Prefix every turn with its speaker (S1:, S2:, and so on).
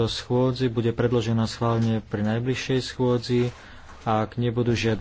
S1: schôdzi bude predložená schválne pri najbližšej schôdzi a ak nebudú žiadne